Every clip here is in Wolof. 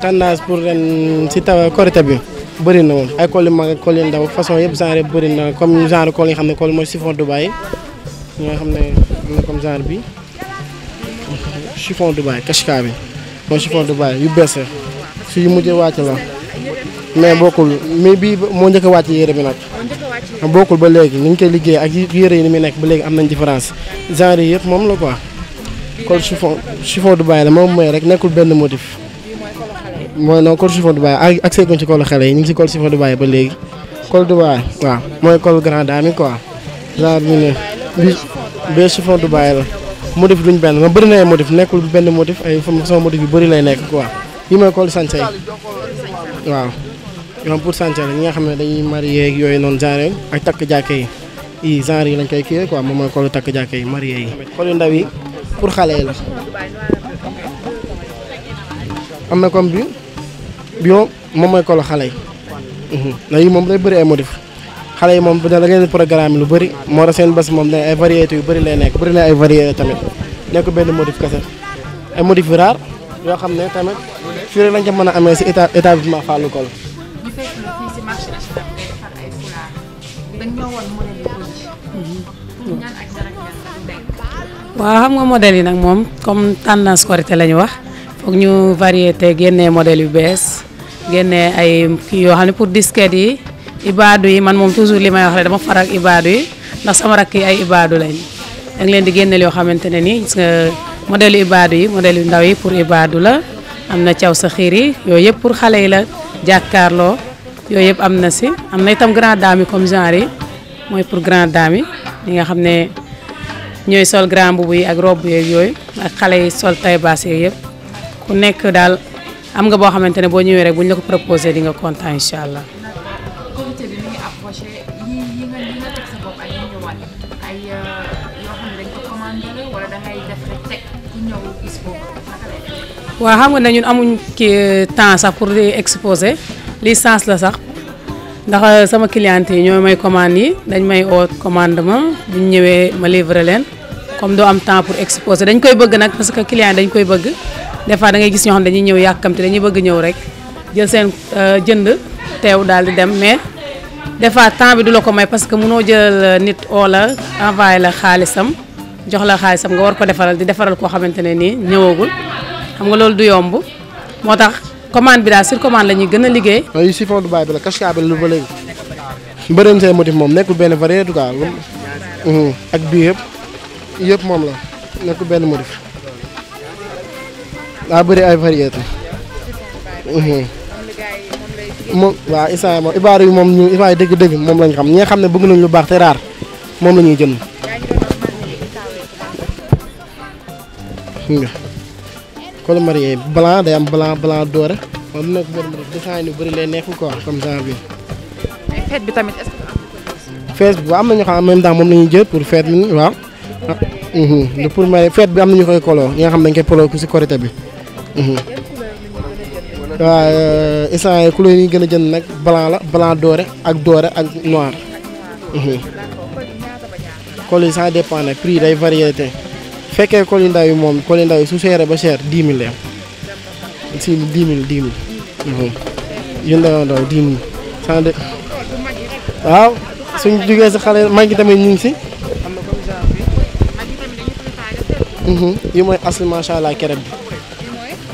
tendance pour ren si taw korité bi bëri na moom ay kool yu mag ak kool ndaw façon yëpp genre bëri na comme genre kool yi nga xam ne chiffon Dubaï ñoo xam ne am genre bi chiffon Dubaï kashka bi mooy chiffon Dubaï yu bees la su yu mujjee wàcc la mais bokkul mais bii moo njëkk a wàcc yére bi nag bokkul ba léegi ni ñu koy liggéey ak yére yi ni muy nekk ba léegi am nañ différence genre yi yëpp moom la quoi kool chiffon chiffon Dubaï la moom mooy rek nekkul benn motif mooy non col chiffon Dubaï ak seeguñ ci col xale yi ñu ngi si col chiffon Dubaï ba léegi col Dubaï waaw mooy col Grand Dame quoi genre ñu ne bi bee chiffon Dubaï la motif duñ benn ma bëri na ay motif nekkul benn motif ay sama motif yu bëri lay nekk quoi yi mooy col sañse yi waaw ñoom pour sañse la ñi nga xam ne dañuy marié ak yooyu noonu genre ak takk jàkke yi i genre yi lañ koy kiiyee quoi moom mooy col takk jàkke yi marié yi col pour xale yi bi moom moom mooy kolo xale yi mom mhm. lay day bëri ay modif xalé mom moom da ngeen programme lu bëri mo ra seen bass mom lay ay variété yu bëri lay nek bëri lay ay variété tamit nek ben modif kasse ay modif rare yo xam tamit fi rek lañ ca mën a amee si état établissement Fallou Kolo wa xam nga model yi nak mom comme tendance korité la ñu wax fokh ñu variété génnee model yu bees génne ay yoo xam ne pour disquette yi ibaadu yi man moom toujours li may wax rek dama far ak ibaadu yi ndax sama rakk yi ay ibaadu lañ da nga leen di génneel yoo xamante ne nii gis nga modèle yu ibaadu yi modèle yu ndaw yi pour ibaadu la am na caw sa xiir yi yooyu yëpp pour xale yi la jàkkaarloo yooyu yëpp am na si am na itam grand dame yi comme genre yi mooy pour grande dame yi ñi nga xam ne ñooy sol grand mbubu yi ak robe yooyu ak xale yi sol tay yooyu yëpp am nga boo xamante ne boo ñëwee rek bu ñu la ko proposé di nga kontaan incha allah. comité euh, xam nga ne ñun amuñ kii euh, temps sax pour di exposé lii sens la sax ndax euh, sama cliente yi ñoo may commande yi dañ may oo commandement bu ñu ñëwee ma livré leen comme doo am temps pour exposé dañ koy bëgg nag parce que client dañ koy bëgg. des fois da gis ñoo xam dañuy ñëw yàkkamti dañuy bëgg ñëw rek jël seen euh, jënd teew daal di dem mais des temps bi du la ko may parce que mënoo jël euh, nit oo la la xaalisam jox la xaalisam nga war ko defaral di defaral koo xamante ne nii ñëwagul xam nga loolu du yomb moo tax commande bi daal sur commande la ñuy gën a liggéey. yooyu si fond du baay bi la cash bi lu ba léegi mbërëm say motif moom nekkul benn variété en tout cas mhm. ak bii yëpp moom la nekkul benn motif. waa bëri ay variété moom waaw instant moom ibaar yi moom ñu ibaar yi dëgg-dëgg moom lañu xam ñi nga xam ne bëgg nañ lu baax te raar moom la ñuy jënd nga colomarié blanc day am blanc blanc doré moom nag bër ma def dessin yu bëri lay neex quoi comme genre bi bi tamit est-ce que fête bi am na ñoo xam en même temps moom jël pour fête bi waaw ah, mhm, pour ma fête bi am na ñu koy koloo ñi nga xam dañ koy poloo ku si korité bi waaw euh, instant yi couleur yi gën a jënd nag blanc la blanc doré ak doré ak noir. Mhm. col yi ça dépend nag prix day variété fekkee col yu moom col yu ndaw su seeree ba seer dix mille la si dix mille dix mille mhm. yu ndaw waaw suñ jugee si xale mag yi tamit ñu si mhm. yi mooy asli macha allah kereb bi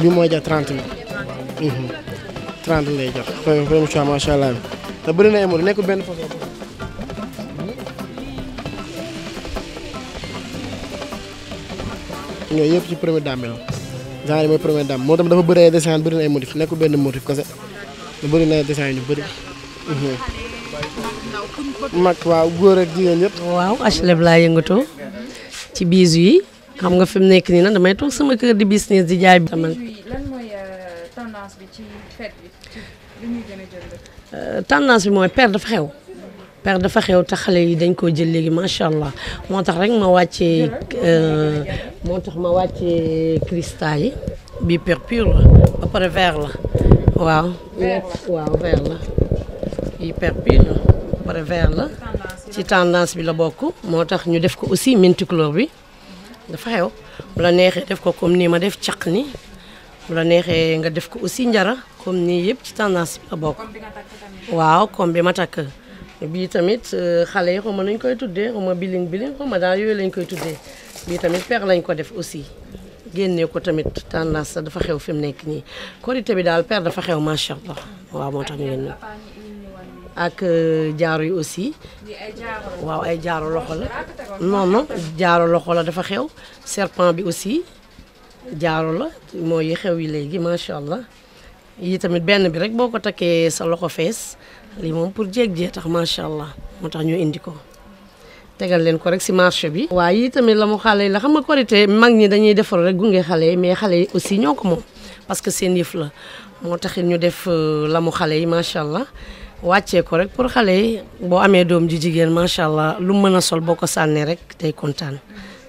lii mooy jar trente la waaw mhm. trente lay jox premier choix macha allah te bëri na émor nekkul benn façon yooyu yëpp dame bi la genre mooy premier dame moo tam dafa bëri ay dessin bëri na ay motif nekkul benn motif kese bëri na ay dessin yu bëri mhm. mag waaw góor ak jigéen yëpp waaw HLM laa yëngatoo ci biisu yi xam nga fi mu nekk nii na damay toog sama kër di business di jaay. man euh, bi ci fête bi euh, mooy per dafa xew. per dafa xew te xale yi dañ koo jël léegi macha allah moo tax rek ma wàccee euh, moo tax ma wàcce cristal yi bi per pur la ba pare vert la waaw. waaw vert la yi per pur la ba pare vert la. ci tendance bi la bokk. moo tax ñu def ko aussi multicolore bi. dafa xew bu la neexee def ko comme nii ma def caq ni bu la neexee nga def ko aussi njara comme nii yëpp ci tendance bi la bokk waaw comme bi ma takk bii tamit euh, xale yi xaw ma nañ koy tuddee xaw ma biling biling xaw ma daal yooyu lañ koy tuddee bii tamit per lañ ko def aussi génnee ko tamit tendance dafa xew fi mu nekk nii korité bi daal per dafa xew macha allah waaw moo tax ñu génn ak euh, jaaro yi aussi waaw ay jaaro loxo la non jaaro loxo la dafa xew serpent bi aussi jaaro la mooy xew yi léegi macha allah yi tamit benn bi rek boo ko takkee sa loxo fees lii moom pour jéeg jee tax macha allah moo tax ñu indi ko tegal leen ko rek si marché bi. waaye yi tamit la mu xale yi la xam nga korité mag ñi dañuy defar rek gunge xale yi mais xale yi aussi ñoo ko moom parce que seen yëf la moo taxit ñu def euh, la mu xale yi macha allah. wàccee ko rek pour xale yi boo amee doom ji jigéen macha allah lu mën a sol boo ko sànnee rek tey kontaan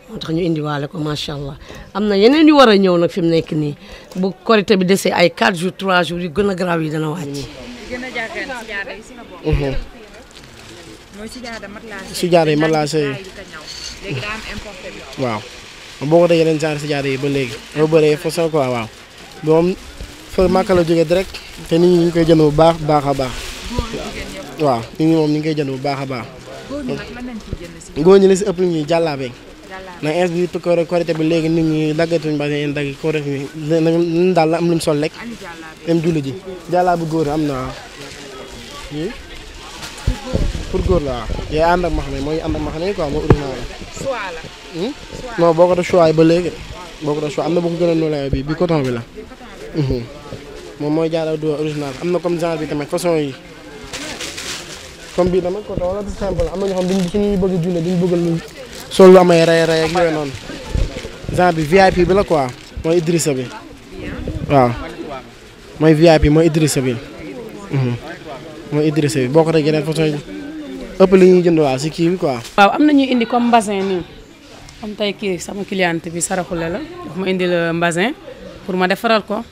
moo tax ñu indiwaale ko macha allah am na yeneen yu war a ñëw nag fi mu nekk nii bu korité bi desee ay 4 jours trois jours yu gën a garaaw yi dana wàcc. Mmh. si jaare yi matelassé yi. waaw boo ko dee yeneen genre si jaare yi ba léegi. ba bëree fa sa quoi waaw. moom fa màkk la jógee direct. te nit ñi ñu koy jënd bu baax baax a baax. waaw nit ñi moom ñu ngi koy bu baax a baax. góor ñi la si ëpp lu ñuy jàllaabe. na ins bi ko korité bi léegi nit ñi daggatuñ ba yéen dagg ko def ni nañu la am lu sol lek dem julli ji jàllaabu góor am na waaw hmm? pour góor la waaw ànd ak max ne mooy ànd ak max ne moo uri naa la hmm? non boo ko def choix ba léegi boo ko def am na bu ko gën a noolay bi bi coton bi la hmm. moo mooy jàllaabu original am na comme genre bi tamit façon yi comme bii dama ko wala tout simple am na ñoo xam duñ suñuy bëgg a junne duñ bëgg lu sol lu amay rey rey ak yooyu noonu genre bi VIP bi la quoi mooy Idrissa bi waaw mooy VIP mooy bi mooy Idrissa bi boo ko rek yeneen façon ëpp li ñuy jënd waa si kii bi quoi. waaw am na ñu indi comme mbasin nii comme tey kii sama cliente bi saraxule la daf ma indi la euh, mbasin pour ma defaral ko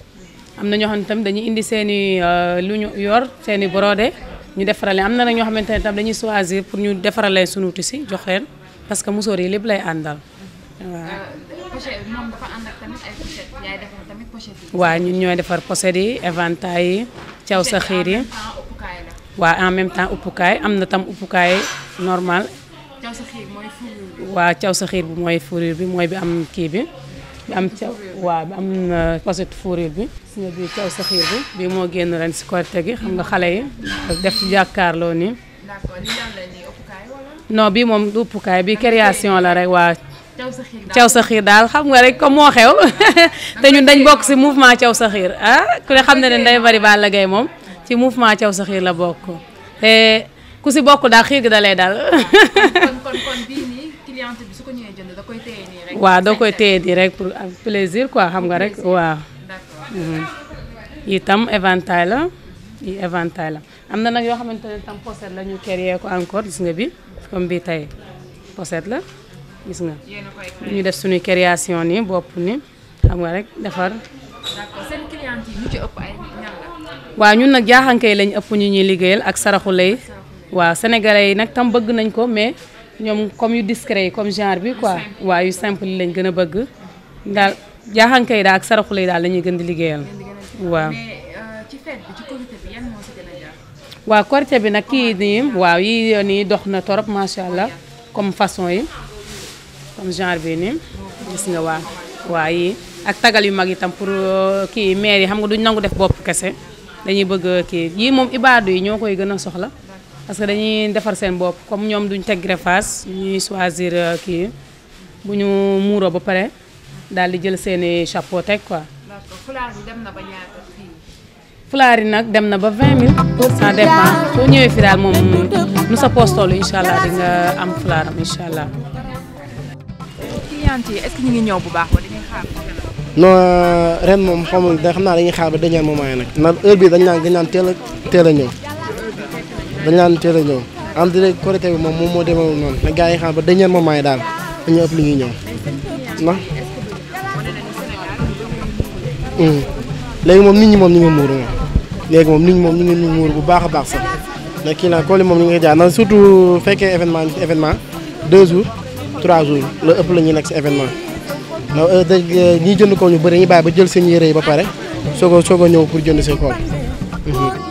am na ñoo xam ne tamit dañuy indi seen i euh, lu ñu yor seeni borode ñu defaral leen am na nag ñoo xamante ne tam dañuy choisir pour ñu defaral sunu tissu jox leen parce que musóor yi lépp lay àndal euh, waaw. pochette ñun ñooy defar pochette yi éventail yi caw sa xiir yi. waa en même temps uppukaay am na tam uppukaay normal. waa caw sa xiir bi mooy fourrure bi mooy bi am kii bi. bi am caw waaw bi am na pochette bi su nga bii caw saxiir bi bii moo génn ren si korite gi xam nga xale yi def ci jàkkaarloo nii no bii moom du uppukaay bii création la rek waa caw saxiir daal xam nga rek comme moo xew te ñun dañ bokk si mouvement caw saxiir ah ku ne xam ne ne day bari Balla Gaye moom ci mouvement caw saxiir la bokk te ku si bokk daal xiir gi da daal cliente bi su ko ñëwee jënd da koy téye nii rek. pour ak plaisir quoi xam nga rek waaw. Mhm. itam la yi la am na nag yoo xamante ne tam pochette la ñu créé ko encore gis bi comme bi tey pochette la gis nga. ñu def suñuy création nii bopp ni xam nga rek defar. d'accord ci ëpp ñun nag jaaxanke yi lañ ëpp ñu ñuy liggéeyal ak saraxu lay. waaw sénégalais yi nag tam bëgg nañ ko mais. ñom comme yu discret comme genre bi quoi wa yu simple lañu gëna bëgg dal jaaxanka yi daal ak saraxu lay dal lañuy gënd gën di liggéeyal waaw euh, waaw korité bi nak kii ni wa yi ni dox na torop macha allah comme façon yi comme genre bi ni gis nga wa wa yi ak tagal yu mag itam pour euh, ki maire yi xam nga duñ nangu def bop kessé dañuy bëgg ki yi mom ibadu yi ñokoy gëna soxla parce que dañuy defar seen bopp comme ñoom duñ teg greffage ñuy choisir euh, kii bu ñu muuroo ba pare daal di jël seeni chapeau teg quoi. d'accord fulaar yi dem na ba ñaata fii. fulaar yi nag dem na ba 20000. ça dépend soo ñëwee fii daal moom nu sa poos toll allah di nga am fulaaram incha allah. client yi est bu baax wala dañuy xaar. non euh, ren moom xamul da xam naa dañuy xaar ba dernier moment yi nag. ndax heure bii dañ naan dañ naan teel a teel ñëw. dañ naan teel a ñëw en direct moom moom moo demeewul noonu nag gars yi xam ba dernier moment yi daal dañu ëpp li ñuy ñëw ndax hmm. léegi moom nit moom ñu ngi muuru moom léegi moom nit ñi moom ñu ngi muuru bu baax a baax sax ndax kii naa kooli moom ñu ngi jaar na surtout fekkee événement événement deux jours trois jours la ëpp la ñuy nekk si événement ndax euh, da euh, ñiy jënd ko ñu bari ñu bàyyi ba jël seen yére yi ba pare soog a soog a ñëw pour jënd seen kool hmm.